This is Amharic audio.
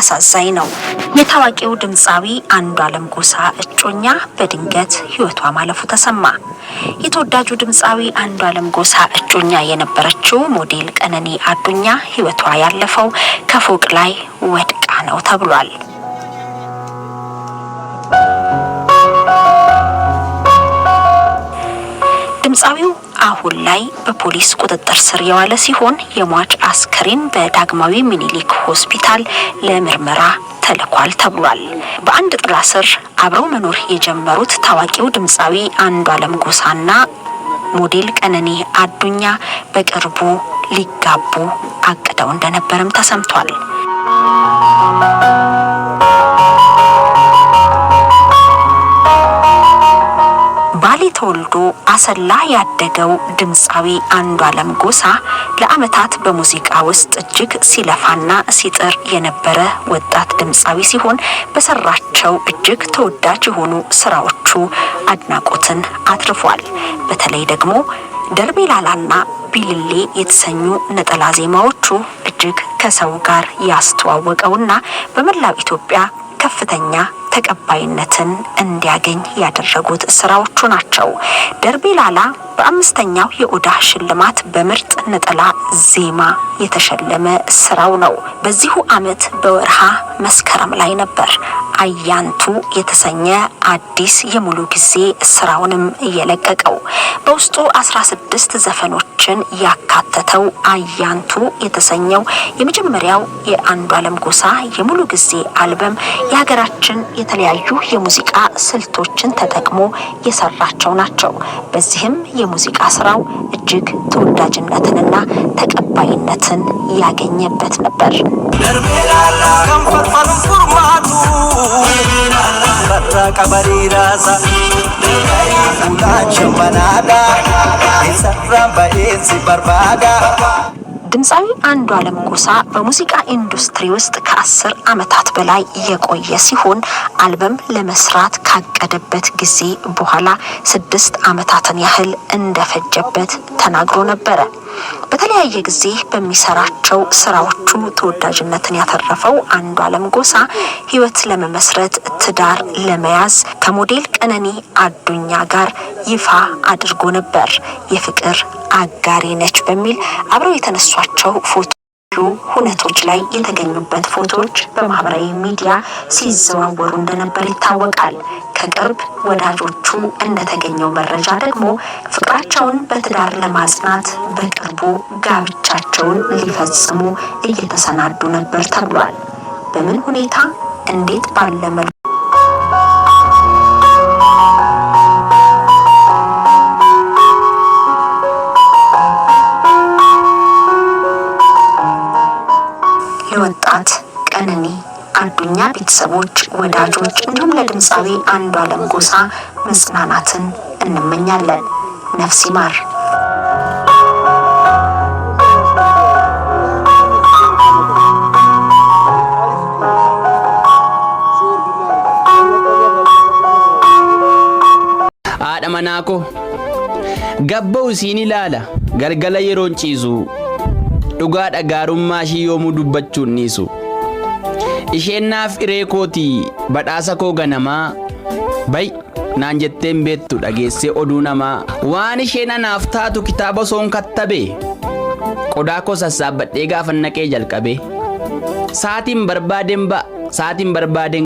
አሳዛኝ ነው። የታዋቂው ድምፃዊ አለም ጎሳ እጮኛ በድንገት ሕይወቷ ማለፉ ተሰማ። የተወዳጁ ድምፃዊ አለም ጎሳ እጮኛ የነበረችው ሞዴል ቀነኒ አዱኛ ሕይወቷ ያለፈው ከፎቅ ላይ ወድቃ ነው ተብሏል። ድምፃዊው አሁን ላይ በፖሊስ ቁጥጥር ስር የዋለ ሲሆን የሟች አስከሬን በዳግማዊ ሚኒሊክ ሆስፒታል ለምርመራ ተልኳል ተብሏል። በአንድ ጥላ ስር አብረው መኖር የጀመሩት ታዋቂው ድምፃዊ አንዷለም ጎሳና ሞዴል ቀነኒ አዱኛ በቅርቡ ሊጋቡ አቅደው እንደነበረም ተሰምቷል። ተወልዶ አሰላ ያደገው ድምፃዊ አንዷለም ጎሳ ለዓመታት በሙዚቃ ውስጥ እጅግ ሲለፋና ሲጥር የነበረ ወጣት ድምፃዊ ሲሆን በሰራቸው እጅግ ተወዳጅ የሆኑ ስራዎቹ አድናቆትን አትርፏል። በተለይ ደግሞ ደርቤ ላላና ቢልሌ የተሰኙ ነጠላ ዜማዎቹ እጅግ ከሰው ጋር ያስተዋወቀውና በመላው ኢትዮጵያ ከፍተኛ ተቀባይነትን እንዲያገኝ ያደረጉት ስራዎቹ ናቸው። ደርቤ ላላ በአምስተኛው የኦዳ ሽልማት በምርጥ ነጠላ ዜማ የተሸለመ ስራው ነው። በዚሁ ዓመት በወርሃ መስከረም ላይ ነበር አያንቱ የተሰኘ አዲስ የሙሉ ጊዜ ስራውንም እየለቀቀው በውስጡ 16 ዘፈኖችን ያካተተው አያንቱ የተሰኘው የመጀመሪያው የአንዷለም ጎሳ የሙሉ ጊዜ አልበም የሀገራችን የተለያዩ የሙዚቃ ስልቶችን ተጠቅሞ የሰራቸው ናቸው። በዚህም የሙዚቃ ስራው እጅግ ተወዳጅነትንና ተቀባይነትን ያገኘበት ነበር። ድምፃዊ አንዱ አለም shammanaadhaa ድምፃዊ ጎሳ በሙዚቃ ኢንዱስትሪ ውስጥ ከአስር ዓመታት በላይ የቆየ ሲሆን አልበም ለመስራት ካቀደበት ጊዜ በኋላ ስድስት ዓመታትን ያህል እንደፈጀበት ተናግሮ ነበረ። በተለያየ ጊዜ በሚሰራቸው ስራዎቹ ተወዳጅነትን ያተረፈው አንዷለም ጎሳ ህይወት ለመመስረት ትዳር ለመያዝ ከሞዴል ቀነኒ አዱኛ ጋር ይፋ አድርጎ ነበር። የፍቅር አጋሪ ነች በሚል አብረው የተነሷቸው ፎቶ ሁነቶች ላይ የተገኙበት ፎቶዎች በማህበራዊ ሚዲያ ሲዘዋወሩ እንደነበር ይታወቃል። ከቅርብ ወዳጆቹ እንደተገኘው መረጃ ደግሞ ፍቅራቸውን በትዳር ለማጽናት በቅርቡ ጋብቻቸውን ሊፈጽሙ እየተሰናዱ ነበር ተብሏል። በምን ሁኔታ እንዴት ባለ ጓደኛ፣ ቤተሰቦች፣ ወዳጆች እንዲሁም ለድምፃዊ አንዷለም ጎሳ መጽናናትን እንመኛለን። ነፍስ ይማር። haadha manaa koo gabba'u isiin ilaala galgala yeroon ciisu dhugaa dhagaarummaa ishii yoomuu dubbachuun niisu isheennaaf iree kooti badhaasa koo ganamaa bay naan jetteen beettu dhageessee oduu namaa waan isheen anaaf taatu kitaaba soon kattabe qodaa koo sassaabbadhee gaafa naqee jalqabe saatiin barbaadeen ba'a saatiin barbaadeen